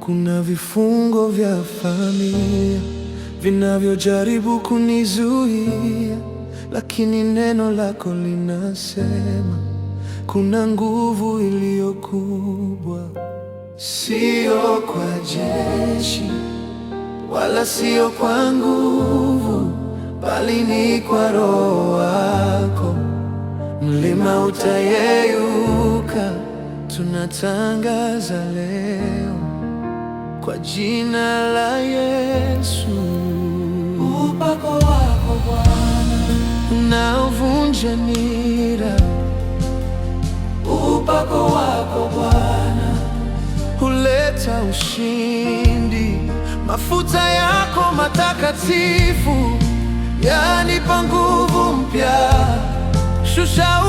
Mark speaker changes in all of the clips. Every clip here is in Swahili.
Speaker 1: Kuna vifungo vya familia vinavyojaribu kunizuia, lakini neno lako linasema kuna nguvu iliyo kubwa,
Speaker 2: sio kwa jeshi wala sio kwa nguvu, bali ni kwa Roho wako. Mlima utayeyuka, tunatangaza leo kwa jina la Yesu.
Speaker 3: Upako wako Bwana
Speaker 1: unaovunja nira,
Speaker 3: upako wako Bwana
Speaker 1: huleta ushindi. Mafuta yako matakatifu yanipa nguvu mpya, shusha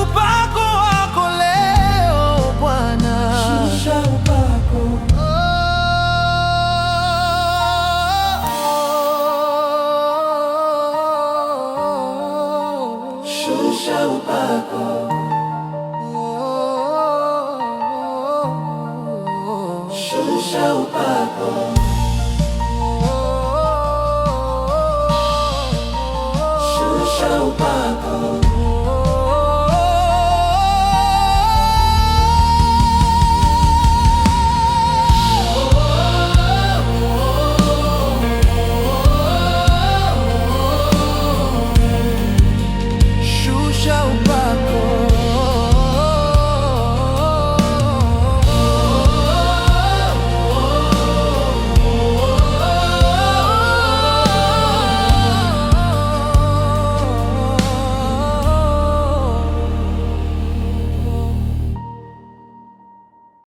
Speaker 3: kuhuisha upako shusha upako shusha upako